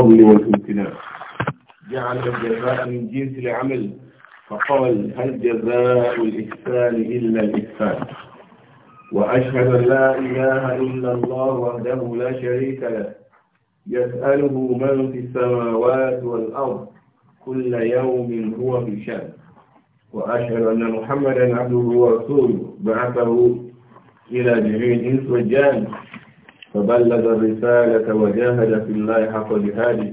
الفضل والامتناع جعل الجزاء من جنس العمل فقال هل جزاء الإحسان إلا الإحسان وأشهد أن لا إله إلا الله وحده لا شريك له يسأله من في السماوات والأرض كل يوم هو في شأن وأشهد أن محمدا عبده ورسوله بعثه إلى جميع الإنس والجان فبلغ الرسالة وجاهد في الله حق جهاده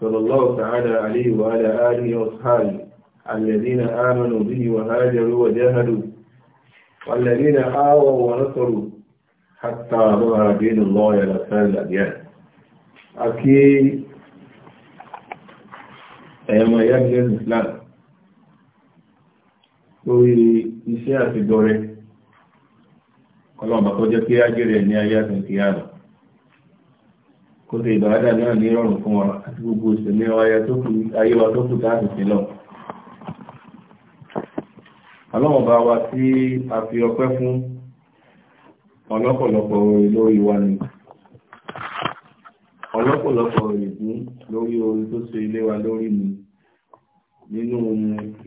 صلى الله تعالى عليه وعلى آله وأصحابه الذين آمنوا به وهاجروا وجاهدوا والذين آووا ونصروا حتى ظهر دين الله على سائر الأديان أكيد أيما يجري الإسلام lórí iṣẹ́ àti dọrẹ ọlọ́run bàbá jẹ́ pé ájẹ́rẹ́ ní ayé àtúntì àrùn kó ṣe ìbáradà náà ní rọrùn fún wa àti gbogbo ìṣẹ̀lẹ̀ ayé wa tó kù táàtì sí lọ. ọlọ́run bá wa tí a fi ọpẹ́ fún ọlọ́pọ̀lọpọ̀ orin lórí wa ni ọlọ́pọ̀lọpọ̀ ìgún lórí orin tó ṣe ilé wa lórí mi nínú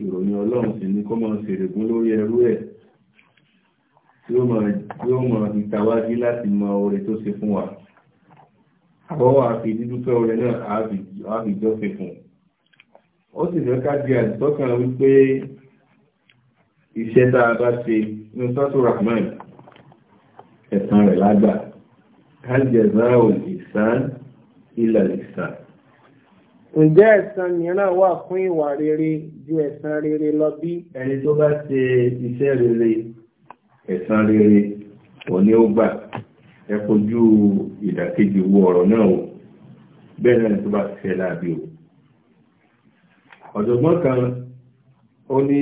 ìròyìn ọlọ́run sì ni kó máa ṣèrègún lórí ẹrú ẹ̀ yóò mọ̀ ìtàwádí láti mọ oore tó ṣe fún wa àwọ́wọ́ àfi dídúpẹ́ oore náà àfìjọ́ ṣe fún ó sì fẹ́ ká di àdìsọ́kàn wípé iṣẹ́ tá a bá ṣe ní sọ́tò rahman ẹ̀san rẹ̀ lágbà kájẹ̀záò ìsán ilẹ̀ ìsán ǹjẹ́ ẹ̀san mìíràn wà fún ìwà rere ju ẹ̀san rere lọ bí ẹni tó bá ṣe iṣẹ́ rere ẹ̀san rere òní ó gbà ẹ kojú ìdàkejì wo ọ̀rọ̀ náà o bẹ́ẹ̀ náà tó bá ti fẹ́ láàbí o ọ̀jọ̀gbọ́n kan ó ní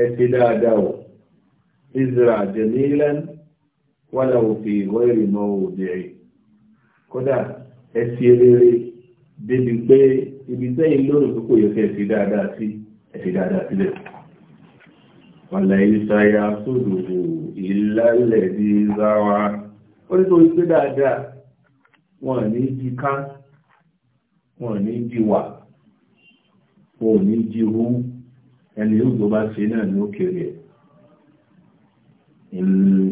ẹ dáadáa o Israel àjẹmí lẹ́nu wọ́lá òfin ìwọ́ ìrìnà òbìnrin kódà ẹ rere débi pé ibi tẹ́yìn lónìí tó kò yẹ kẹ́ ẹ dáadáa sí ẹ dáadáa sílẹ̀. فليس يأخذه إلا الذي زرع ó ní torí pé dáadáa wọn ní jí ká wọn ní jí wà wọn ò ní jí hú ẹni yóò tó bá ṣe náà ní òkèrè ẹ̀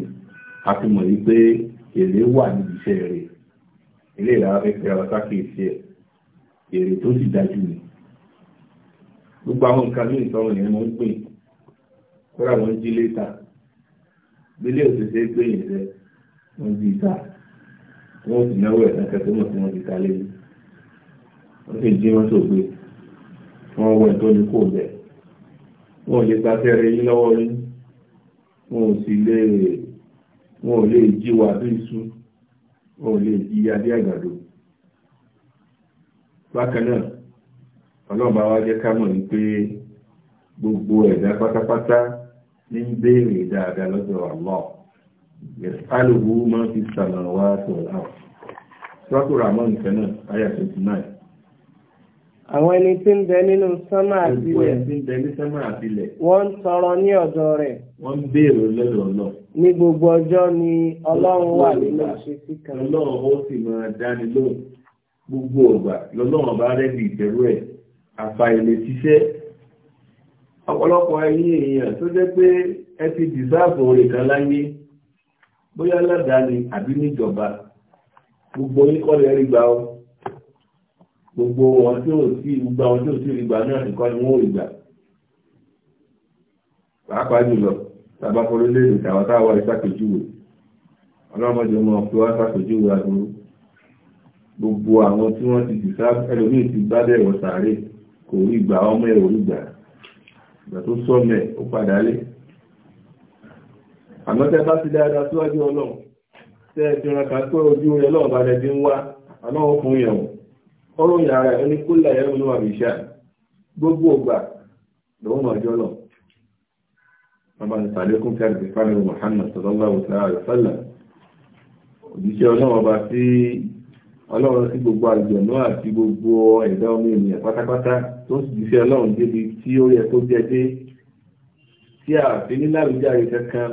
a ti mọ̀ yí pé èrè wà níbi iṣẹ́ rẹ̀ ilé ìlànà fẹ́ fẹ́ ara sákèésí ẹ̀ èrè tó sì dájú ni gbogbo àwọn nǹkan ní ìtọ́rọ̀ yẹn mọ́ ń pè é kóra wọn jí létà bílé òṣìṣẹ́ gbé yìí rẹ wọn jí ta wọn sì náwó ẹ̀ náà kẹtọ́ mọ̀ sí wọn ti ta lẹ́yìn wọn sì jí wọn sògbé wọn wọ ẹ̀ tó ní kó bẹ̀ wọn ò lè gba fẹ́rẹ̀ yín lọ́wọ́ yín wọn ò sì lè wọn ò lè jí wa bí iṣu wọn ò lè jí adé àgbàdo bákan náà ọlọ́ọ̀bá wa jẹ́ ká mọ̀ ní pé gbogbo ẹ̀dá pátápátá ní béèrè dáadáa lọ́dọ̀ Allah yẹ̀sálùwú máa fi sàmàwá tó láwọ̀ sọ́tò ramon kẹ́nà ayà 29 àwọn ẹni tí ń bẹ nínú sánmà àtilẹ̀ wọ́n ń tọrọ ní ọ̀dọ̀ rẹ̀ wọ́n ń béèrè lọ́dọ̀ náà ní gbogbo ọjọ́ ni ọlọ́run wà nínú ìṣesí kan ọlọ́run ó sì máa dáni lóhùn gbogbo ọgbà lọ́lọ́run bá rẹ́bi ìtẹ́rú ẹ̀ àfàìlè ṣiṣẹ́ ọ̀pọ̀lọpọ̀ ẹ̀yin èèyàn tó jẹ́ pé ẹ ti dìsáàfù orin kan láyé bóyá ládàáni àbí níjọba gbogbo yín kọ́ lè rí gbà ó gbogbo wọn tí ò sí gbogbo àwọn tí ò sí rí gbà náà nìkan ni wọn ò rí gbà pàápàá jùlọ tàbá fọlọ́lẹ́dẹ̀ tàwọn táwa ìsàkèjúwe ọlọ́mọdé ọmọ ọ̀pẹ́ wá sàkèjúwe àdúró gbogbo àwọn tí wọ́n ti dìsáàfù ẹlòmíì ti gbádẹ́ ìwọ̀sàárè kò rí ọmọ ẹ̀ ìgbà tó sọlẹ̀ ó padà lé àmọ́ tẹ́ bá ti dáadáa síwájú ọlọ́run tẹ́ ẹ ti ran kan pé ojú rẹ lọ́wọ́ bá lẹ ti ń wá ọlọ́run fún yẹn o ọrọ̀ ìyá rẹ̀ ó ní kó là ẹ̀rù ló wà ní iṣẹ́ gbogbo ògbà lọ́wọ́ máa jọ lọ bàbá ní sàlékún kẹrin ti fáwọn Muhammad sallallahu alaihi wa sallam òjíṣẹ́ ọlọ́run ọba sí ọlọ́run sí gbogbo àlùjọ̀nú àti gbogbo ẹ̀dá ọmọ ènìyàn pátápátá tó sì jíṣẹ́ ọlọ́run débi tí ó yẹ tó jẹ dé tí a fi ní lárújáre kankan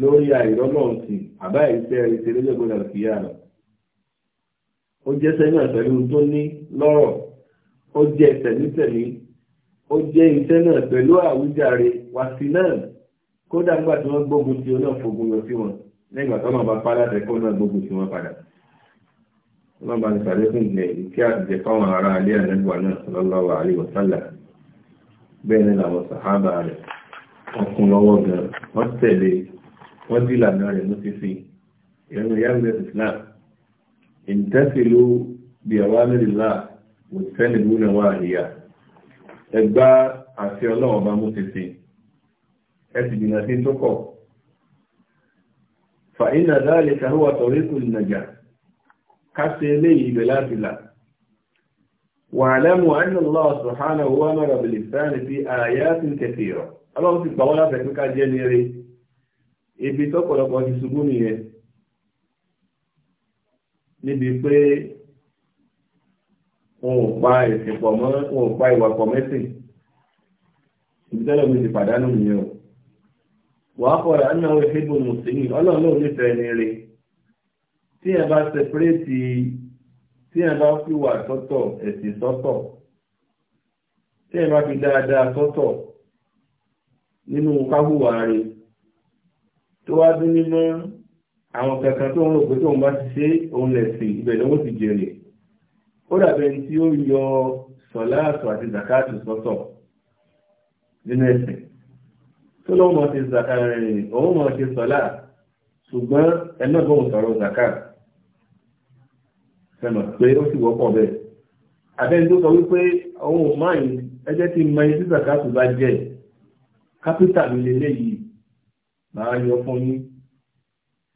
lórí àìrọ́lọ́run sí àbá ìṣe ìṣe lọ́jọ́gbọ́n àkìyà rẹ̀ ó jẹ́ sẹ́yìn àtẹ̀lú tó ní lọ́rọ̀ ó jẹ́ tẹ̀lítẹ̀lí ó jẹ́ iṣẹ́ náà pẹ̀lú àwùjáre wàsí náà kódà nígbà tí wọ́n gbógun ti ọ náà fogun lọ sí wọn lẹ́yìn àtọ́nà bá pa wọ́n bá ní sàlékún ilẹ̀ ìkí àtijẹ́ fáwọn ará alé àlẹ́gbà náà sallallahu alaihi wasallam bẹ́ẹ̀ ni làwọn sàhábà rẹ̀ ọkùn lọ́wọ́ gan wọ́n tẹ̀lé wọ́n dí ìlànà rẹ̀ mú fífi ìrìn ìyáàgbé islam ìtẹ́sílú bí àwa mẹ́rìnlá kò sẹ́ni lúnà wá àríyá ẹgbá àti ọlọ́wọ́n bá mú fífi ẹ sì jìnnà tó kọ̀ fa inna dhalika huwa tariqul kásẹ̀ eléyìí ibẹ̀ láti là wàhálẹ́mù àìnàlá ọ̀sùnhánà owó amẹ́rọ̀ bìlì sáàni sí àyà sí kẹfì rọ̀ ọlọ́run ti pàwọ́ láti ẹ̀kọ́ kájẹ́ ní eré ibi tọ́pọ̀lọpọ̀ ti ṣubú nìyẹn níbi pé wọn ò pa ẹ̀sìn pọ̀ mọ́ wọn ò ìwà pọ̀ mẹ́sìn ibi tọ́lọ̀ mi ti pàdánù nìyẹn o wàá kọ́ra ẹ̀yìn àwọn ìṣègùn mùsùlùmí ọlọ́run ló nífẹ̀ẹ́ ní eré tí ẹ bá sẹpẹrẹtì tí ẹ bá fi wà sọ́tọ̀ ẹ̀sìn sọ́tọ̀ tí ẹ bá fi dáadáa sọ́tọ̀ nínú káhùwà rẹ̀ tó wá dún nímọ àwọn kankan tó ń rò pé tóun bá ti ṣe òun lẹ̀sìn ibẹ̀ lọ́wọ́ ti jèrè ó dàbẹ̀ tí ó yọ sọ̀láàtù àti zakatu sọ́tọ̀ nínú ẹ̀sìn tó lọ́wọ́ mọ̀ ṣe sọ̀lá ṣùgbọ́n ẹ̀mẹ́gbọ́n sọ̀rọ̀ zakatu sẹ́mọ̀ pé ó sì wọ́pọ̀ bẹ́ẹ̀. Abẹ́ni tó sọ wípé òun ò máa yìí ẹjẹ́ ti mọ ibi zakatu bá jẹ́ kápítà mi lélẹ̀ yìí máa yọ fún yín.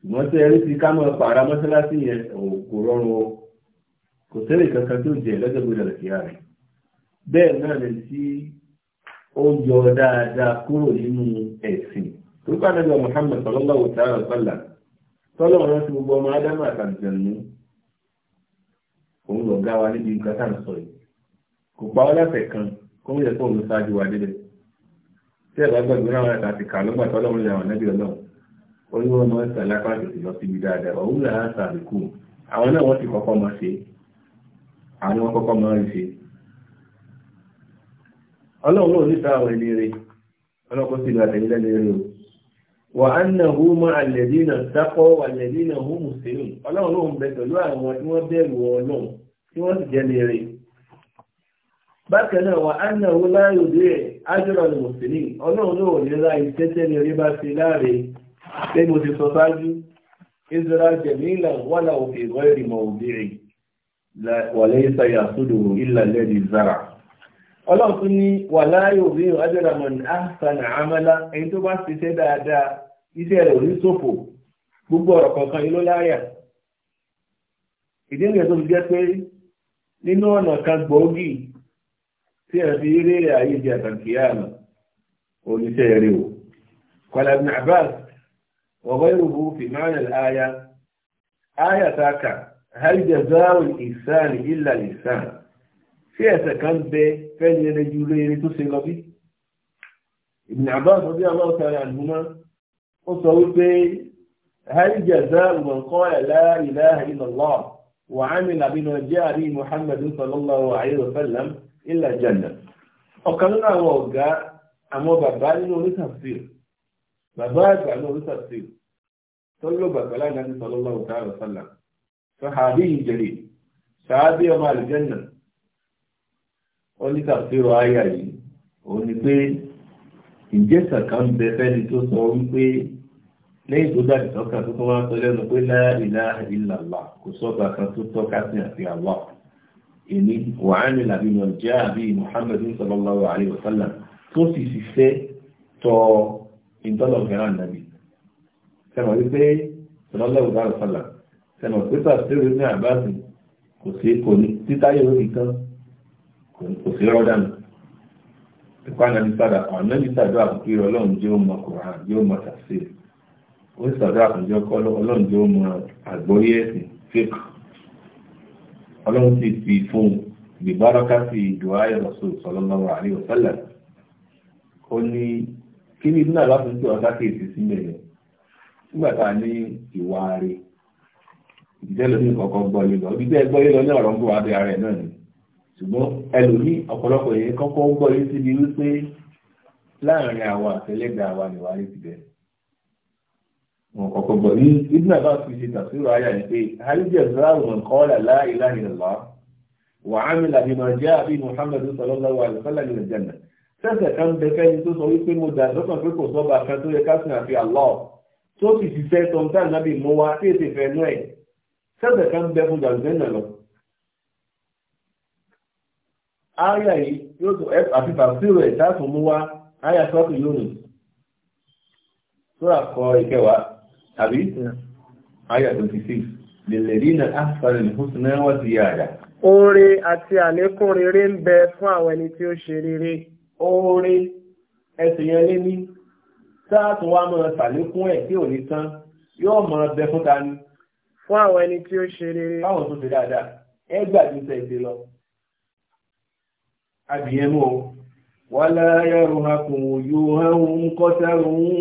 Ìwọ́n tẹ́ ẹrí ti ká mọ́ pàrà mọ́sálásí yẹn kò rọrùn o. Kò sẹ́lẹ̀ kankan tó jẹ lọ́jọ́ gbọdọ̀ rẹ̀ kíá rẹ̀. Bẹ́ẹ̀ náà lè sí ó yọ dáadáa kúrò nínú ẹ̀sìn. Tó bá nàbẹ̀ Muhammad sallallahu ta'ala sallam tọ́lọ́run ti gbogbo ọmọ Ádámù àtàlùjẹ̀nu ọ̀gá wa níbi nǹkan tá à ń sọ yìí kò pa ọ́ láfẹ̀ kan kó ń yẹ kó òun ṣáájú wa délẹ̀ tí ẹ̀bá gbàgbé náà wọn àti kà lọ́gbà tó ọlọ́run yà wọn nẹ́bí ọlọ́run ó ní wọn máa ń sà lápá tètè lọ síbi dáadáa òun là á sàbíkù àwọn náà wọ́n ti kọ́kọ́ máa ṣe àwọn wọn kọ́kọ́ máa ń ṣe ọlọ́run ló ní sáwọn ẹni rẹ̀ ọlọ́kọ́ sí ìlú àtẹ̀yìnlẹ́ ní rẹ̀ o wà á nà hú mọ́ àlẹ́dínà sápọ̀ àlẹ́dínà hú mùsùlùmí ọlọ́run ló ń bẹ pẹ̀lú àwọn tí wọ́n bẹ̀rù ọlọ́run tí wọ́n sì jẹ́ lérè. bákan náà wà á nà owó láàyò dé ẹ̀ ájọ́rọ̀ ni mùsùlùmí ọlọ́run náà ò ní ra ìtẹ́tẹ́ ní orí bá fi láàrin pé mo ti sọ ṣáájú israel jẹ̀mílà wà láwọn fi ìwọ́ ìrìnà òbírin wà lẹ́yìn sáyà sódò ìlà lẹ́dí zara ọlọ́run tún ní wà láàyò òbírin ájọ́rọ̀ mọ̀ ní àṣàna àmàlà ẹni tó bá ṣiṣẹ́ dáadáa iṣẹ́ rẹ̀ ò ní ṣòfò gbogbo ọ̀rọ̀ kọ̀ọ̀kan ilé láyà ìdí nínú ọ̀nà kan gbòógì tí a fi rí ayé jẹ́ àtàkìyàmù oníṣẹ́ rí o kọ́lá ibn abbas wa ghayruhu fi ma'na al-aya aya taka hal jaza'u al-ihsan illa al-ihsan sí ẹ̀sẹ̀ kan bẹ fẹ́ni ẹni ju lóore tó ṣe lọ bí ibn abbas radiyallahu ta'ala anhuma ó sọ wípé hal jaza'u man qala la ilaha illa وعمل بما جاء به محمد صلى الله عليه وسلم إلا الجنة ọ̀kan nínú àwọn ọ̀gá àwọn bàbá nínú onítàfsir bàbá àgbà nínú onítàfsir tó ló bàbá láìláà ní sọlọ́lá ọ̀tá àrùsọ́là sàhábí ìjẹ̀lẹ̀ sàhábí ọmọ àlùjẹ́nà onítàfsir ayà yìí òun ni pé ìjẹ́sà kan bẹ fẹ́ni tó sọ wípé lẹ́yìn tó dájú tọ́ka tó tún wá sọ lẹ́nu pé la ilaha illallah kò sọ́ka kan tó tọ́ka sí àti àlọ́ èmi wàhánì làbí wọn jẹ́ àbí muhammed sallallahu alayhi wa sallam tó sì ṣiṣẹ́ tọ ìtọ́lọ̀fẹ́ràn nàbì sẹ́mọ̀ wípé sallallahu alayhi wa sallam sẹ́mọ̀ pé pàṣẹ́rù ní àbáàsì kò sí kò ní títáyé orí kan kò sí rọ́dà nù ìpánà ní sádà àwọn ní sádà àkókò ìrọ̀lọ́run jẹ́ ó mọ jẹ́ ó mọ ó sì sàdá àtúnjọ kọ́ ọlọ́run tí ó mọ àgbọ́yé ẹ̀sìn fake ọlọ́run sì fi fún bìbárọ́ká sí ìdùá ẹ̀rọ̀sọ sallallahu alaihi wasallam ó ní kí ni ìdúnà láti gbé ọ̀dá kéèsì sílẹ̀ yẹn nígbà tá a ní ìwà rẹ̀ ìdílé lómi kọ̀ọ̀kan gbọ́ yìí lọ ibi tẹ́ ẹ gbọ́ yìí lọ ní ọ̀rọ̀ ń bọ̀ abẹ́ ara ẹ̀ náà ni ṣùgbọ́n ẹlòmí ọ̀pọ̀lọpọ̀ yẹn kọ́kọ́ gbọ́ yìí síbi wípé láàrin àwa àtẹlẹ́gbẹ̀ẹ́ àwa nìwà ti bẹ̀rẹ̀ ọ̀kọ̀kọ̀ gbọ̀ ní ibùdó àbá fi ṣe tàṣírò ayà ní pé àríjẹ̀ ìsìláàmù kọ́ọ̀lá láìláìlá wà á mi làbí máa jẹ́ àbí Muhammad sallallahu alaihi wasallam ní ìjẹ̀nà sẹ́sẹ̀ kan bẹ fẹ́ni tó sọ wípé mo dà lọ́kàn pé kò sọ́ba kan tó yẹ kásìn àfi Allah tó sì ṣiṣẹ́ tọ́ntàn nábì mọ́ wa tí èsì fẹ́ nú ẹ̀ sẹ́sẹ̀ kan bẹ fún jàǹdẹ́nà lọ. ayà yìí yóò tó àfi tàṣírò ẹ̀ táàtù mú wa ayà sọ́ọ̀tù Yunus sura kọ ìkẹwàá àbí ayà 26 lèlèdínà áfàrin húsùnà wà sí àdá oore àti àlékún rere ń bẹ fún àwọn ẹni tí ó ṣe rere oore ẹsẹ̀ yẹn lé ní sáàtún wa máa ṣàlékún ẹ̀ tí ò ní tán yóò máa bẹ fún ta ni fún àwọn ẹni tí ó ṣe rere fáwọn tó ṣe dáadáa ẹ gbàgbé sẹ́ẹ̀dẹ̀ lọ adìyẹ mú o wàlá yàrá òhàkùn òyò hàn ń kọ́sẹ́rùn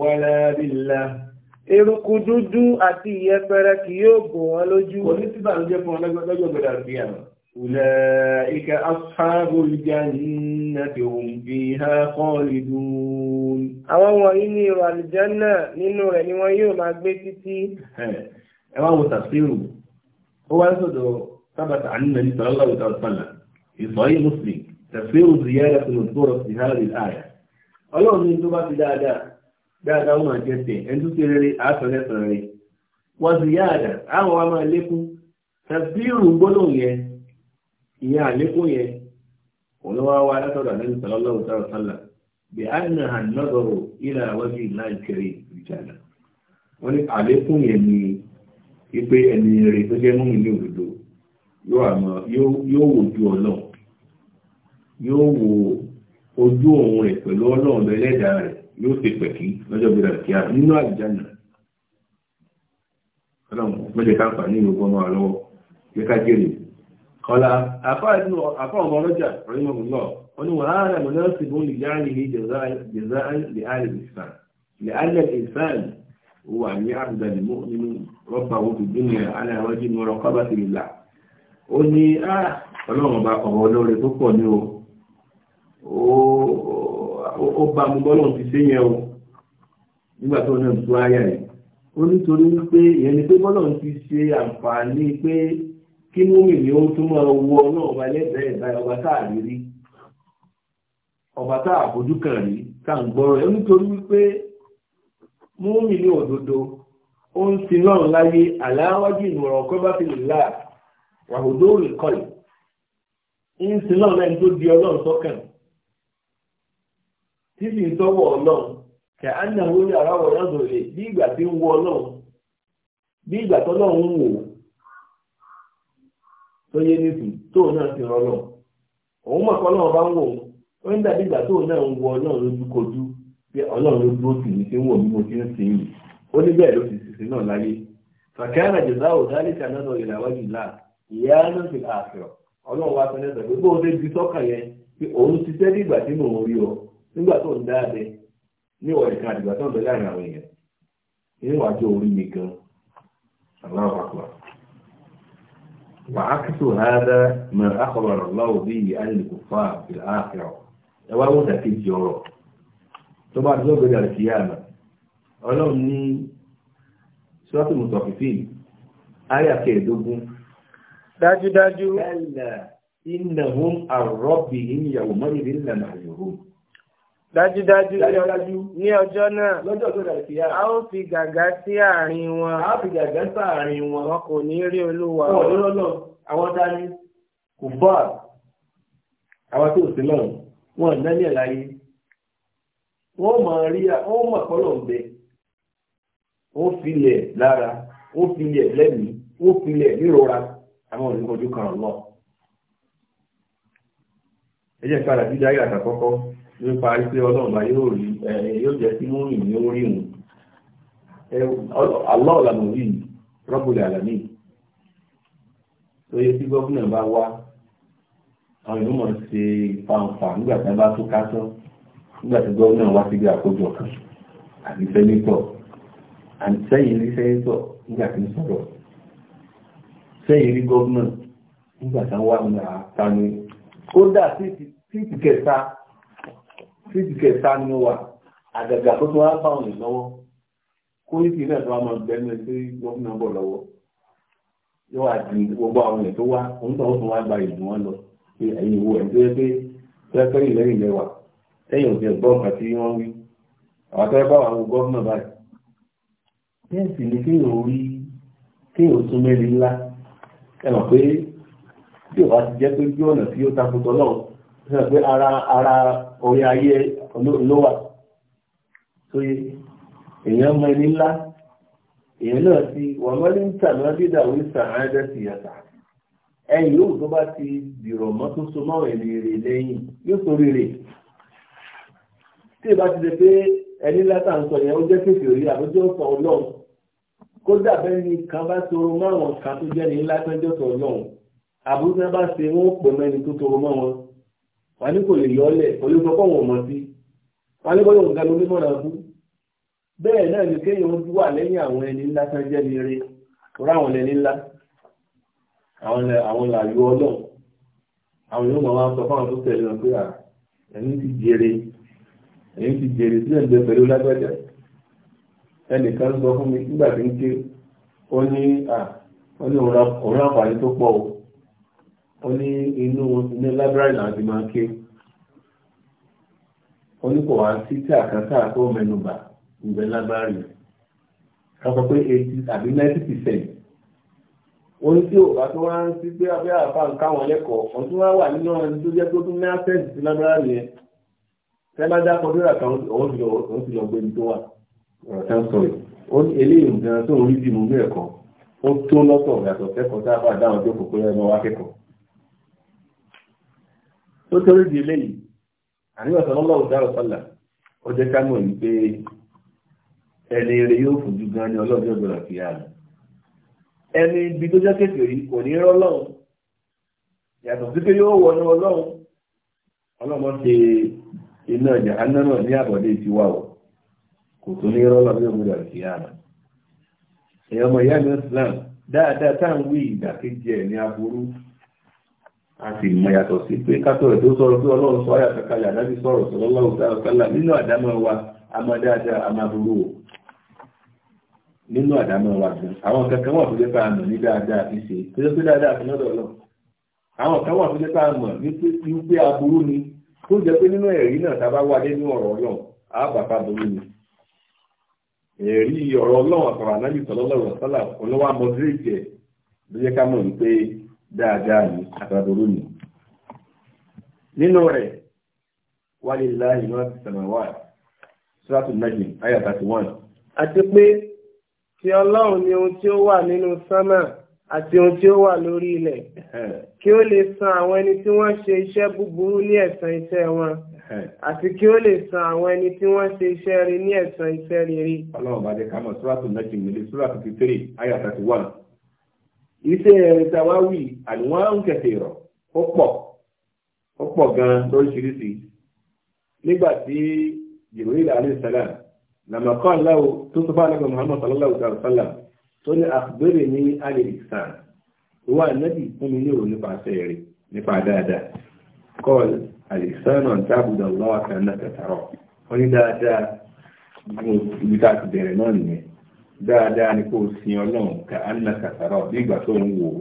wàlá bílá. Eruku dúdú àti ìyẹpẹrẹ kì yóò bò wọ́n lójú. Kò ní síbà ló jẹ́ fún ọlọ́gbọ́dọ́ gbọ́dọ̀ àrùbí àmà. أولئك أصحاب الجنة هم فيها خالدون àwọn wọ̀nyí ni ìwà àlùjànnà nínú rẹ̀ ni wọ́n yóò máa gbé títí. ẹ wá wo tàfíìrù ó wá sọ̀dọ̀ sábàtà àníná ní sọ̀rọ̀lá òtà ọ̀sánlá ìsọ̀yí muslim tàfíìrù ziyara tó lọ́dọ̀ sí dáadáa wọn jẹ tẹ ẹni tó ṣe a àásọlẹsọ rẹ wọn sì yá àdá àwọn wa máa lékún tàbíìrù gbólóhùn yẹn ìyẹn àlékún yẹn òun wá wá látọ̀dọ̀ àdéhùn sallallahu alaihi wasallam bí àdínà ni wípé yóò ju yóò ṣe pẹ̀kí lọ́jọ́ gbéra kí á nínú àjànà ọlọ́run mẹ́jẹ ká fà ní ìlú ọmọ àlọ́wọ́ jẹ́ ká jẹ́rì kọlá àfá ọmọ ọlọ́jà ọ̀rẹ́mọ̀gbọ̀nlọ́ wọn ni wọ́n á rẹ̀ mọ̀lẹ́ sí bó lè yáàrin ní jẹ̀zá lè àlẹ́ ìsàn lè àlẹ́ ìsàn wà ní àbùdàlì nínú rọ́bà wọn fi dúnmí àlẹ́ àwọn jìnnú ọ̀rọ̀ kọ́bà sí ó ní ah, ọlọ́run ọba ọ̀rọ̀ olóore tó pọ̀ ní o ó bá mú bọ́lọ̀ ti ṣe yẹn o nígbà tó náà tó yìí ó nítorí wípé ìyẹn ni pé bọ́lọ̀ ti ṣe àǹfààní pé kí múmi ni ó tún máa ọba lẹ́bẹ̀ẹ́ ìgbà ọba tá à rírí ọba tá à fojú kàn rí tá à ń gbọ́rọ̀ ẹ̀ nítorí wípé múmi òdodo ó ń sin lọ́run láyé ìmọ̀ràn ọkọ bá lè tí sì ń tọ́wọ́ ọlọ́run kẹ̀ á ní àwọn orí àráwọ̀ náà sọ̀rọ̀ bí ìgbà tí ń wọ ọlọ́run bí ìgbà tọ́lọ́run ń wò ó tó yé nìsín tóun náà ti rọ́ lọ òun mọ̀ kọ́ náà bá ń wò ó ń dàbí ìgbà tóun náà ń wọ ọlọ́run lójúkojú pé ọlọ́run ló dúró sí mi tí ń wò mí mo ti ń sìn yìí ó ní bẹ́ẹ̀ ló ti sìn náà láyé fàkẹ́rẹ́ àjọ̀dá ò dálé kaná lọ ìlàwájú náà ìyá náà fi àfẹ́ ọlọ́run wá sọ lẹ́sẹ̀ pé bóun ṣe di sọ́kàn yẹn pé òun ti sẹ́ bí ìgbà nígbà tó ń dá abẹ níwọ̀n ìka àdìgbà tó ń bẹ láàrin àwọn èèyàn nínú àjọ orí mi gan aláwọ̀ àkùrà wà á kí tó ha dá mọ akọ̀rọ̀ lọ́wọ́ bí i alìkò fà fìlà àkìrà ẹ wá wọ́n dàkejì ọ̀rọ̀ tó bá dúró gbé dàrí kìí àná ọlọ́run ní sọ́tò mùtọ̀fífìn áyà kẹẹ̀ẹ́dógún dájúdájú ẹ̀là ìnáhùn àrọ́bì ìyàwó mọ́yìnbí ńlá màá dájúdájú ní ọjọ́ náà lọ́jọ́ tó a ó fi gàgá sí àárín wọn a o fi gàgá sí àárín wọn kò ní rí olúwa wọn àwọn dání kò bọ́ àwọn tó sí náà wọn ò náà ẹ̀láyé wọn rí wọn mọ̀ pọ́lọ̀ ń bẹ wọn filẹ̀ lára wọn filẹ̀ lẹ́mìí wọn filẹ̀ nírora àwọn olùkọ́jú kan lọ. ẹ jẹ́ ká rà dídá nípa pé ọlọ́run bá yóò rí yóò jẹ́ sí múrin ní orí òun Allah làmọ̀ rí Rabbul Alamin tó yẹ tí gómìnà bá wá àwọn èèyàn mọ̀ ṣe fanfa nígbà tí wọ́n bá tún kásán nígbà tí gómìnà wá síbi àkójọ kan àti sẹ́nitọ̀ àti sẹ́yìn rí sẹ́nitọ̀ nígbà ń sọ̀rọ̀ sẹ́yìn rí gómìnà nígbà wá ní àtàní kódà sí ìkẹta síbi kẹta ni mo wà àgàgà tó tó wá bá òun lọ́wọ́ kóríkì náà tó wá máa bẹnu ẹ sí gómìnà bọ̀ lọ́wọ́ yóò wá di gbogbo àwọn èèyàn tó wá òun tó tún wá gba ìlú wọn lọ pé ẹ̀yin ìwo ẹ̀ tó yẹ pé pẹ́ẹ́pẹ́ ìlẹ́yìn lẹ́wà ẹ̀yìn òfin ẹ̀gbọ́n kan tí wọ́n wí àwọn tó bá wà wọ gómìnà báyìí bẹ́ẹ̀ sì ni kéèyàn orí kéèyàn tún mẹ́rin ńlá ẹ mọ̀ pé bí ò bá ti jẹ́ pé bí ọ̀nà tí ó takùtọ̀ náà pé ara ara orí ayé ló wà tó yẹ èèyàn mọ ẹni ńlá èèyàn náà ti wọ́n mọ́ ní tàbí dídà orí sàrádà sí yàtà ẹ̀yìn yóò tó bá ti dìrọ̀ mọ́ tó so mọ́ ẹ̀rì rẹ̀ lẹ́yìn yóò so rere tí ìbá ti lè pé ẹni látà ń sọ yẹn ó jẹ́ kéèké orí àbójú ọ̀sán ọlọ́run kódà bẹ́ẹ̀ ni kan bá toro mọ́ kan tó jẹ́ ní ńlá tó ọlọ́run àbúrò bá ṣe wọ́n pọ̀ mẹ́ni tó toro mọ́ wà ní kò lè yọ ọlẹ̀ kò wọn mọ̀ sí wà ní kọ́yọ̀ nǹkan ló mímọ́ra bẹ́ẹ̀ náà ni kéèyàn ń wà lẹ́yìn àwọn ẹni ńlá tán jẹ́ ní àwọn ẹni ńlá àwọn làyò àwọn yóò wá sọ tó tẹ̀lé wọn pé à ó ní inú inú lábẹ́rẹ́ làwọn ti máa ké ó ní kò wá sí tí àkáńtà tó mẹnuba ìgbẹ́ lábẹ́rẹ́ rẹ̀ ká sọ pé eighty àbí ninety percent ó ní tí òbá tó wá ń sí pé abẹ́ àbá ń káwọn lẹ́kọ̀ọ́ ọ̀hún tó wá wà nínú ọ̀hún tó jẹ́ tó tún ní access sí lábẹ́rẹ́ yẹn tẹ́lá dákọ̀ dúrà kan òun ti lọ gbé ibi tó wà ọ̀rọ̀ tẹ́ ń sọ yìí ó ní eléyìí nǹkan tó ń rí bí ní ẹ̀kọ́ ó tó lọ́tọ̀ yàtọ̀ kẹ́kọ̀ọ́ tá dáhùn tó kò pé ẹnu kẹ́kọ̀ọ́ tó torí di eléyìí àníwọ̀n sọlọ́lọ́ òdàrọ̀ sọ́là ó jẹ́ ká mọ̀ wípé ẹni rẹ̀ yóò fojú gan ni ọlọ́run yóò gbọ́dọ̀ fi àlọ́ ẹni ibi tó jẹ́ kékeré yìí kò ní rọ́lọ́run yàtọ̀ sí pé yóò wọnú ọlọ́run ọlọ́mọ ṣe iná jahannama ní àbọ̀dé tiwa o kò tó ní rọ́lọ́run yóò gbọ́dọ̀ fi àlọ́ ẹ̀yọ́mọ ìyá mi Islam dáadáa táà ń wí ìdàkejì ẹ̀ ní aburú a sì mọ yàtọ̀ sí pé kátọ̀rẹ̀ tó sọ̀rọ̀ pé ọlọ́run sọ ayàtọ̀ kalẹ̀ àdájú sọ̀rọ̀ sọ̀lọ́lọ́run sára kálà nínú àdámọ́ wa a máa dáadáa a máa burú o nínú àdámọ́ wa gan àwọn kankan wà tó jẹ́ pé a mọ̀ ní dáadáa fi ṣe tó jẹ́ pé dáadáa fi lọ́dọ̀ lọ àwọn kan wà tó jẹ́ pé a mọ̀ ní pé aburú ni tó jẹ́ pé nínú ẹ̀rí náà tá a bá wà nínú ọ̀rọ̀ ọlọ́run á bàbá burú ni ẹ̀rí ọ̀rọ̀ ọlọ́run àtọ̀rọ̀ ànábì sọ̀lọ́lọ́run sọ́là olówó amọ̀dúrẹ́jẹ̀ ló jẹ́ ká mọ̀ wípé dáadáa ní àtàdúró ni nínú rẹ̀ wálé láàyè náà ti sàmà wà sùràtù nàjìm àyà 31 àti pé ti ọlọ́run ni ohun tí ó wà nínú sánmà àti ohun tí ó wà lórí ilẹ̀ kí ó lè san àwọn ẹni tí wọ́n ṣe iṣẹ́ búburú ní ẹ̀san iṣẹ́ wọn àti kí ó lè san àwọn ẹni tí wọ́n ṣe iṣẹ́ rí ní ẹ̀san iṣẹ́ rírí. ọlọ́run bá jẹ́ ká mọ̀ sùràtù nàjìm nílé sùràtù 53 àyà 31. iṣẹ́ tawáwì àníwọ̀n kẹsẹ̀ rọ̀ ó pọ̀ gan-an lóríṣiríṣi nígbà tí Jibril alayhi salam aláwo tó sọ fún alága Muhammad sallallahu alayhi wa sallam tó ní àkùbẹ́rẹ̀ ní alẹ́ ìsàn wà nẹ́bí fún mi ní òun nípa sẹ́ẹ̀rì nípa dáadáa kọ́ọ̀l alẹ́sàn náà tábùdà lọ́wọ́ kan náà ní dáadáa ibi tá a ti bẹ̀rẹ̀ náà dáadáa ni kò náà ọlọ́run ká anna kàtàrà bí ìgbà tó ń wò ó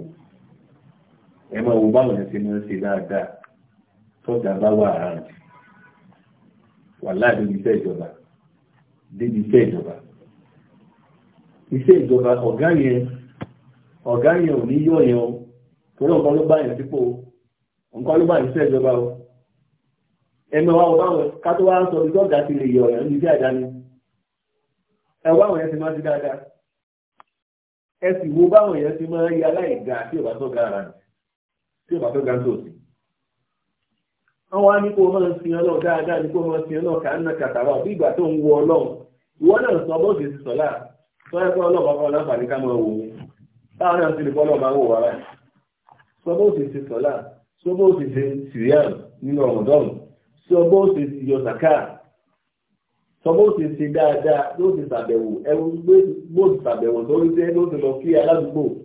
ẹ máa wo báwọn ẹ máa ń ṣe dáadáa tọ́jà bá wà around wà láàrin iṣẹ́ ìjọba débi iṣẹ́ ìjọba iṣẹ́ ìjọba o torí ló bá yẹn sípò ló bá yẹn iṣẹ́ ìjọba ẹwà àwọn yẹn ti máa ti dáadáa ẹ sì wo báwọn yẹn ti máa ya aláìga tí ò bá tó ga ara nì tí ò bá tó ga tó sí. àwọn á ní kó máa ń sin ọlọ́run dáadáa ní kó máa ń sin ọlọ́run kàánà kàtàwà bí ìgbà tó ń wo ọlọ́run ìwọ náà sọ bó ti sọ láà sọ ẹ pé ọlọ́run bá kọ́ láǹfààní ká máa wò ó táwọn náà ti lè bọ́ ọlọ́run máa ń wò wá láì sọ bó ti sọ láà sọ bó ṣe ti sọ bó ti ṣe dáadáa ló ti ṣàbẹ̀wò ẹrú bó ti ṣàbẹ̀wò lórí jẹ́ ló ti lọ kí aládùúgbò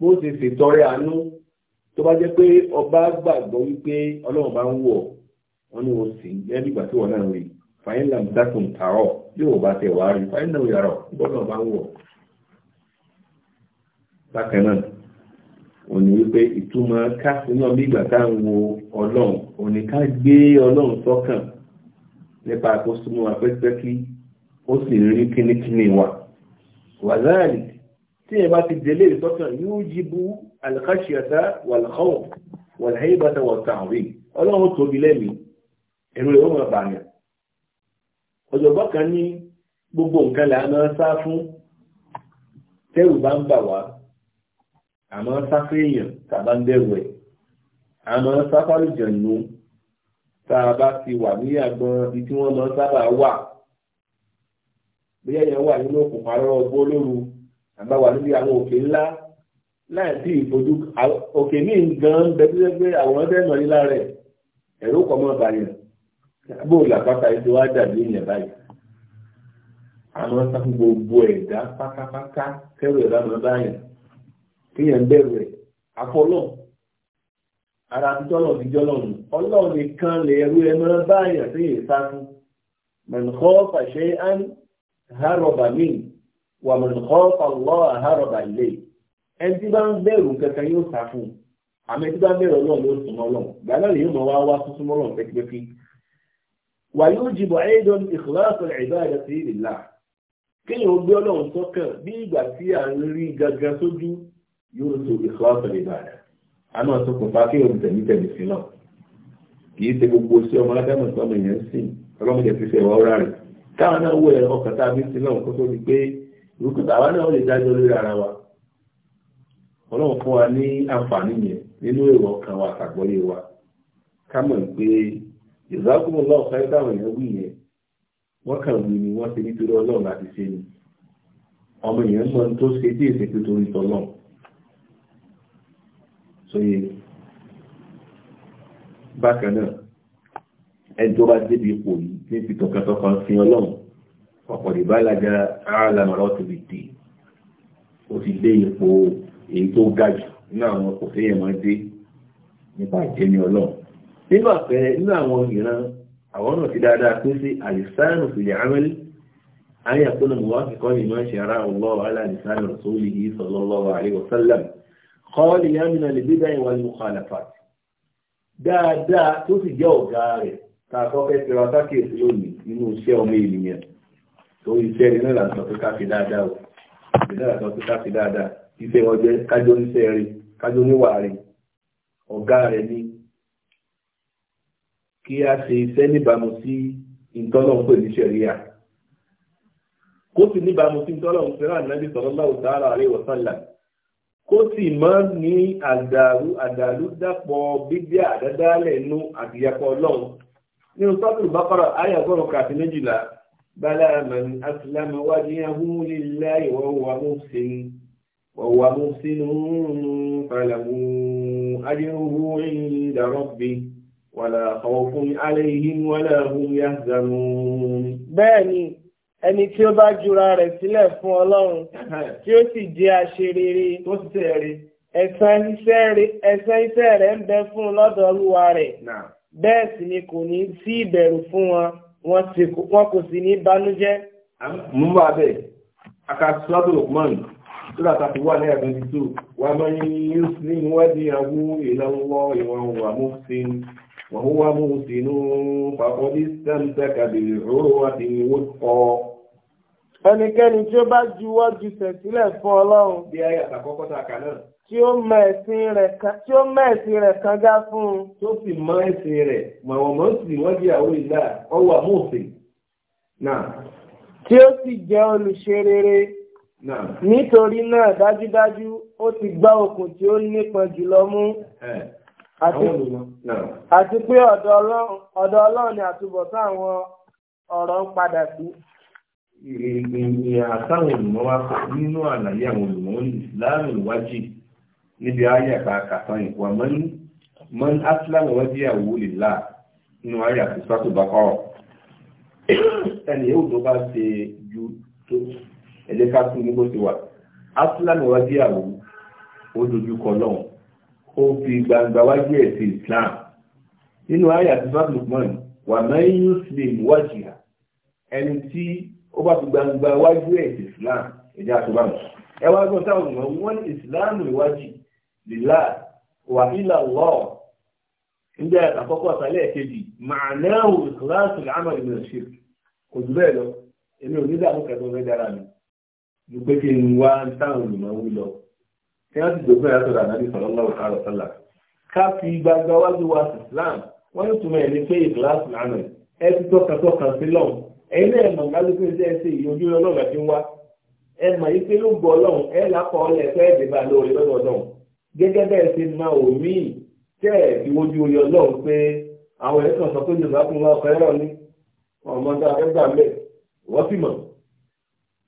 bó ti ṣètọrẹ àánú tó bá jẹ́ pé ọba gbàgbọ́ wípé ọlọ́run bá ń wọ̀ wọ́n ní wọ́n sì ń jẹ́ nígbà tí wọ́n náà rí fàyín làm dákùn tààrọ̀ bí wọ́n bá tẹ̀ wá rí fàyín náà yàrá ọlọ́run bá ń wọ̀. bákan náà òun ni wípé ìtumọ̀ káàsì náà bí ìgbà táwọn wo ọlọ́run òun ni ká gbé ọlọ́run sọ́kàn nípa àkóso wa pẹ́kipẹ́kí ó sì rí kínníkínní wa. wàzáàlì tí ẹ bá ti délé ìtọ́kàn yóò jíbu alkhashiyata wàlkhọ́wọ̀ wàlhaibata wàtàwí ọlọ́run tóbi lẹ́mí ẹ̀rọ ìwọ́n máa bàyàn. ọ̀jọ̀gbọ́n kan ní gbogbo nǹkan là máa ń sá fún tẹ́rù bá ń bà wá àmọ́ sáfẹ́ èèyàn tàbá ń bẹ̀rù ẹ̀ àmọ́ sáfárì jẹ̀nu tá a bá ti wà ní àgbọn ibi tí wọ́n lọ sábà wà bóyá yẹn wà nínú òkùnkùn arọ́ ọgbó lóru àbá wà níbi àwọn òkè ńlá láì sí ìfojú òkè míì gan bẹ́tẹ́ pé àwòrán fẹ́ nà nílá rẹ̀ ẹ̀rọ kọ̀ mọ́ bàyàn bó làpáta ètò wa dàbí èèyàn báyìí àwọn sáfù gbogbo ẹ̀dá pátápátá kẹrù ẹ̀dá mọ́ báyàn kéèyàn bẹ̀rù ẹ̀ afọlọ́ọ̀ ara àtijọ́lọ̀ ìjọlọ́run ọlọ́run nìkan lè ẹrú ẹ máa bá èèyàn sí ìsá fún mọ̀nìkọ́ fàṣẹ án hárọ̀bà míì wà mọ̀nìkọ́ fàlọ́ àhárọ̀bà ilé ẹni tí bá ń bẹ̀rù kankan yóò sá fún àmì tí bá ń bẹ̀rù ọlọ́run yóò súnmọ́ ọlọ́run gbàdá lè yóò mọ̀ wá wá súnmọ́ ọlọ́run pẹ́kípẹ́kí. wà yóò jìbọ̀ ayédọ́n ìkìláàsọ̀ ìbáàdà sí ìlà àná ṣokùnfà kí òun tẹ̀lé tẹ̀lé sí náà kì í ṣe gbogbo sí ọmọ adámọ̀ sọmọ èèyàn sìn ọlọ́mọdé ti fẹ́ wá ọ́rá rẹ̀ táwọn náà wọ ẹ̀rọ ọkàn tá a fi sí náà kó tó di pé wa ọlọ́run fún wa ní àǹfààní yẹn nínú èrò ọkàn wa àtàgbọ́lé wa ká mọ̀ pé náà fẹ́ dáwọn èèyàn wí yẹn wọ́n kàn wí ni wọ́n nítorí ọlọ́run ṣe ni ọmọ èèyàn tó ṣe sóyè bákan náà ẹni tó bá débi ipò yìí ní fi tọkàntọkàn fi ọlọ́run ọ̀pọ̀ ìbálaga alámọ̀rọ̀ tó lè dé ó ti dé ipò èyí tó ga jù nínú àwọn kò fẹ́ yẹn máa dé nípa ìjẹni ọlọ́run nígbà pẹ́ nínú àwọn ìran àwọn náà ti dáadáa pé sí àlìsáàrùn fìlẹ̀ amẹ́lí ayé àkónà mùwáfíkọ́ ni máa ń ṣe ara ọlọ́ọ̀ alá tó lè yí sallallahu alaihi wasallam kọ́ọ̀lì yámìnà lè bí dáhìn wà ní mukhalafat dáadáa tó sì jẹ́ ọ̀gá rẹ̀ tá a kọ́ fẹ́ fi ra sákèsí lónìí nínú iṣẹ́ ọmọ ènìyàn tó iṣẹ́ rẹ̀ náà làtọ̀ pé ká fi dáadáa o ìdá àtọ̀ pé ká fi dáadáa iṣẹ́ ọjọ́ kájọ oníṣẹ́ rẹ̀ kájọ oníwà rẹ̀ ọ̀gá rẹ̀ ni kí a ṣe iṣẹ́ níbàámu sí ìtọ́lọ́hún pè ní ṣẹ̀ríà kó sì níbàámu sí ìtọ́lọ́hún pẹ̀lú kó sì mọ́ ní àdàlú àdàlú dàpọ̀ bíbíà àdádálẹ̀ inú àdìyàpọ̀ ọlọ́run nínú sọ́tù bákọ́rọ̀ ayé ọgọ́rùn-ún kàti méjìlá bala man aslama wajhahu lillahi wa huwa muhsin wa huwa muhsinun falahu ajruhu 'inda rabbih wala khawfun 'alayhim wala hum yahzanun. bẹ́ẹ̀ ni ẹni tí ó bá jura rẹ̀ sílẹ̀ fún ọlọ́run tí ó sì jẹ́ aṣerere tó ṣiṣẹ́ rẹ̀ ẹ̀san iṣẹ́ rẹ̀ ń bẹ fún un lọ́dọ̀ olúwa rẹ̀ bẹ́ẹ̀ sì ni kò ní sí ìbẹ̀rù fún wọn wọn kò sì ní bànújẹ́. mú bá bẹ́ẹ̀ akásùwádùn lukman tó dàtà fi wà ní àdúgbò tó wà máa ń yí sí níwájú ìyàwó ìlànà ìwọ̀n wà mú sí i. وهو موسن فقد استمسك بالعروة الوثقى ẹnikẹ́ni tí ó bá juwọ́ ju tẹ̀sílẹ̀ fún ọlọ́run. bí ayé àtàkọ́kọ́ tá a kà náà. tí ó mọ ẹ̀sìn rẹ̀ kanga fún un. tó sì mọ ẹ̀sìn rẹ̀ mọ̀wọ̀mọ̀ sì wọ́n di àwọn ìlà ọwọ́ àmúfin. tí ó sì jẹ́ olùṣe rere. nítorí náà dájúdájú ó ti gbá okùn tí ó nípọn jùlọ mú. àti pé ọ̀dọ̀ ọlọ́run ni àtúbọ̀tán àwọn ọ̀rọ̀ ń padà sí àtàwọn olùmọ̀ wá kọ nínú àlàyé àwọn olùmọ̀ ní ìsìláàmù ìwájì níbi ayé àkàkà sáyìn wà mọ́n áṣìláàmù wájì àwò lè là nínú ayé àtúnṣá tó bá kọ́ ẹni yóò tó bá ṣe ju tó ẹlẹ́ka tún ní bó ti wà áṣìláàmù wájì àwò ó dojú kọ lọ́hùn ó fi gbangba wájú ẹ̀ sí islam nínú ayé àtúnṣá tó mọ̀ wà mẹ́yìn muslim wájì ẹni tí ó bá fi gbangba wájú ẹ̀ islam ẹ̀já tó bá wọn. ẹ wá gbọ́n táwọn ọmọ wọn ní islam ìwájú lìlá wà ilà lọ. ǹjẹ́ àkọ́kọ́ àtàlẹ́ kejì màánáwó ìkíláàsì àmọ́ ìmọ̀ ṣe kò jù bẹ́ẹ̀ lọ èmi ò ní dààmú kẹtọ́ fẹ́ dára mi. mo pé kí n wá táwọn olùmọ̀ wí lọ. kí wọ́n ti dògbé yàtọ̀ rà nàbí sallallahu ta'ala sọ́lá. ká fi gbangba wájú wa islam wọ́n ní túmọ̀ ẹ̀ ní pé ìkíláàsì àmọ́ ẹ ti tọ́ka tọ́ka sí lọ́wọ́ ẹ̀yin náà mọ̀ kálukú ṣe é ṣe ìyójú ọlọ́run ti ń wá ẹ mọ̀ yìí pé ló ń bọ̀ ọlọ́run ẹ lápá ọlẹ̀ fẹ́ ẹ̀dẹ̀bà lórí lọ́dọ̀ ọlọ́run gẹ́gẹ́ bẹ́ẹ̀ ṣe ma òmí tẹ́ ẹ̀ fi wojú orí ọlọ́run pé àwọn ẹ̀sán sọ pé yorùbá fún wa fẹ́ràn ní ọmọ tó akẹ́gbà mẹ́ wọ́n sì mọ̀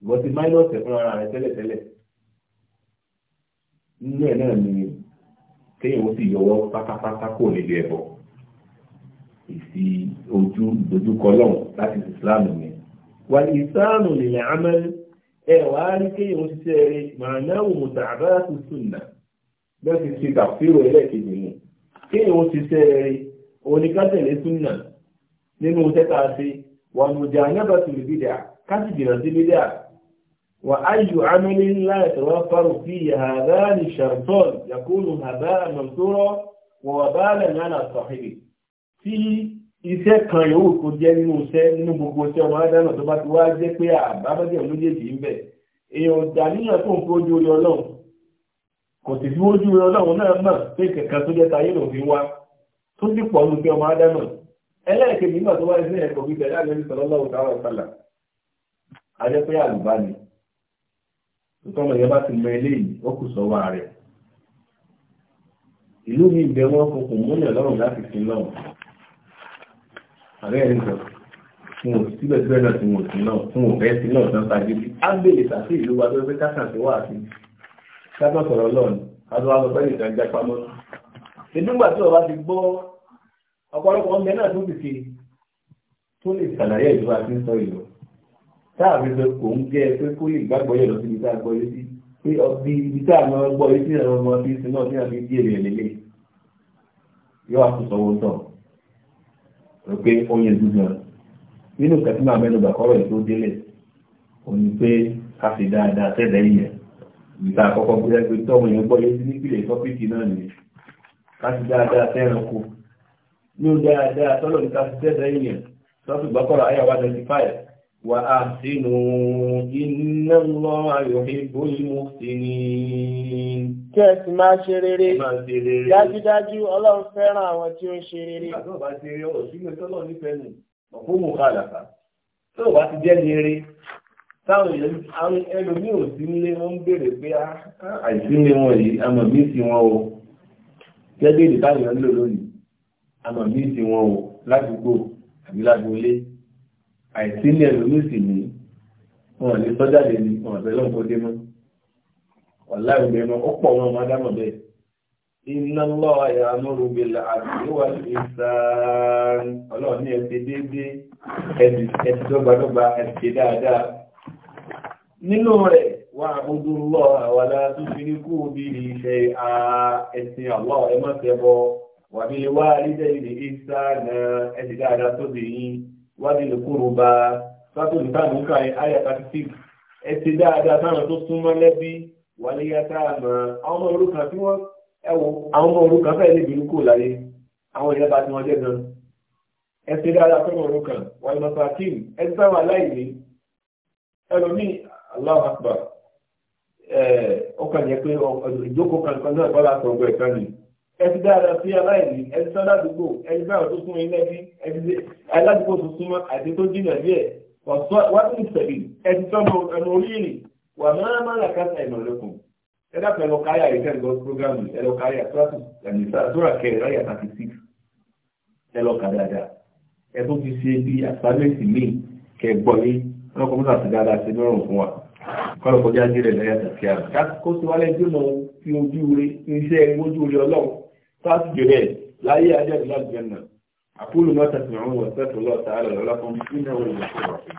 wọ́n ti máínọ̀sì fún ara rẹ tẹ́lẹ̀tẹ́lẹ̀ nínú ẹ̀ náà ni kéèyàn ó sì yọwọ́ pátápátá kò nílé ẹ̀bọ̀ ìfi ojú dojúkọ lọ́wọ́ láti ìsìláàmù mi. wà ní ìsáàmù nìyẹn amẹ́lí ẹ wàá rí kéèyàn ó ṣiṣẹ́ rẹ màánáwó mùtàbá tuntun nà bẹ́ẹ̀ ti ṣe kàfíró ẹlẹ́ẹ̀kejì mu kéèyàn ó ṣiṣẹ́ rẹ oníkátẹ̀lé súnà nínú tẹ́ta ṣe wà nùjà anábàtú bídà káṣí jìnnà sí bídà wà áyù amẹ́lí ńlá ìtọ́wá fárò fi yàrá ní ṣàrtọ́n yàkúlù hàbá àmọ̀tòrọ̀ wọ̀ bá lẹ̀ nánà tí iṣẹ́ kan yòówù kó jẹ́ nínú iṣẹ́ nínú gbogbo iṣẹ́ ọmọ adáná tó bá ti wá jẹ́ pé àbábẹ́jẹ́ méjèèjì ń bẹ̀ èèyàn dàníyàn tó ń fojú orí ọlọ́run kò sì fojú orí ọlọ́run náà mọ̀ pé kẹ̀kẹ́ tó jẹ́ tayé lò fi wá tó sì pọ̀ nínú iṣẹ́ ọmọ adáná ẹlẹ́ẹ̀kejì nígbà tó wá sí ẹ̀kọ́ gbígbẹ̀ láàrin sọlọ́lọ́wọ́ táwọn ọ̀sálà ajẹ́ pé àlùbá ni tọ́mọ̀ yẹn bá ti mọ ìlú mi bẹ̀ kò kò múlẹ̀ lọ́rùn láti fi lọ́rùn àbẹ́ ẹ̀rí kan fún òsì síbẹ̀síbẹ̀ náà tí wọ́n sí náà fún òfẹ́ sí náà tán tàbí bí ágbèlè tàbí ìlú wa tó fẹ́ kákan sí wà sí kákan sọ̀rọ̀ lọ́ọ̀nù kájọ wa lọ fẹ́ nìkan já pamọ́ ìdúgbà tí ọba ti gbọ́ ọ̀pọ̀lọpọ̀ ọmọ náà tó ti fi tó lè ṣàlàyé ìjọba tí ń sọ ìlú táàbí pé kò ń jẹ pé kó lè gbàgbọ́ yẹ̀ lọ tá a gbọ́ yé sí pé ọbí ibi tá a máa gbọ́ yé sí àwọn ọmọ bíi sinú ọ̀sìn àti díẹ̀ lè lélẹ̀ yóò wá kó sọ owó tán pé oyin dúdú nínú kẹtí máa mẹ́nu gbàkọ́rọ̀ ètò délẹ̀ òní pé ká fi dáadáa tẹ́lẹ̀ yẹn ìta àkọ́kọ́ bí ẹgbẹ́ tọ́mọ yẹn gbọ́ yẹn nípìnlẹ̀ tọ́pìkì náà nìyẹn ká fi dáadáa tẹ́ràn kù ní o dáadáa tọ́lọ̀ ní ká fi tẹ́lẹ̀ yẹn tọ́sùgbàkọ́rọ̀ ayáwá 25 وأحسنوا إن الله يحب المحسنين kẹ́ẹ̀sì máa ṣe rere dájúdájú ọlọ́run fẹ́ràn àwọn tí ó ń ṣe rere tó bá ti rí ọ̀rọ̀ sínú ìtọ́lọ̀ nífẹ̀ẹ́ nù ọ̀fún mùkàlàkà tó bá ti jẹ́ rere táwọn ẹlòmí ò sí nílé wọn ń béèrè pé ah, ah, àìsílé wọn yìí àìsí ní ẹlòmí sì ní wọn ní sọ́jáde ní wọn lọ́n kó dé mọ́ ọ̀la ìgbẹ́ mọ́ ó pọ̀ wọn máa dámọ̀ bẹ́ẹ̀. iná lọ àyà ìsàn ọlọ́run ní ẹsẹ̀ déédéé nínú rẹ̀ wà lọ wádìí kúrò bá sátòlù táàmù ká àyà thirty six ẹ ti dáadáa táwọn tó súnmọ́ lẹ́bí wálé yá táàmù àwọn ọmọ òrukàn tí wọ́n ẹ wo àwọn ọmọ òrukàn fẹ́ẹ́ lè bínú kò láyé àwọn ìyá bá ti wọn jẹ́ gan ẹ ti dáadáa fẹ́ẹ́ òrukàn wálé masakin ẹ ti táwọn aláìní ẹlòmíì Allahu Akbar ẹ ọkàn yẹn pé ìjókòó kan kan náà bọ́lá sọ̀gbọ̀ ẹ̀ka nìyí ẹtí dáadáa sí aláìní ẹtí sọ́dádùgbò ẹtí báyọ̀ tó fún ilé ẹbí ẹtí aládùúgbò tó súnmọ́ àti tó jìnà díẹ̀ wọ́n ti sẹ̀lẹ̀ ẹtí sọ́mọ ẹnu orílẹ̀ wà máa máa là kásá ìmọ̀lẹ́kùn ẹ dápẹ́ ẹlọ káyà yìí tẹ́lẹ̀ gọ́ọ́ prógámù ẹlọ káyà tíwájú ẹ̀mísà sóra kẹrẹ láyà tàbí sí ẹlọ kà dáadáa ẹ tó ti ṣe bí àsámẹ́sì míì kẹ gbọ́ yé wọn kọ́ mọ́tà sí dáadáa sí lọ́rùn fún wa kọ́lọ̀ kọjá jẹ́rẹ̀ láyà tàbí àrùn kó sì wálé jùmọ̀ fi ojú rẹ iṣẹ́ ojú rẹ ọlọ́run táàtì jẹ́rẹ́ láyé ajá ìlú àjẹ́ náà àkúlù mọ́ta tìrún wọ̀ sẹ́tù lọ́ta alẹ́ lọ́lá fún ìnáwó ìlú àti ìrọ̀fẹ́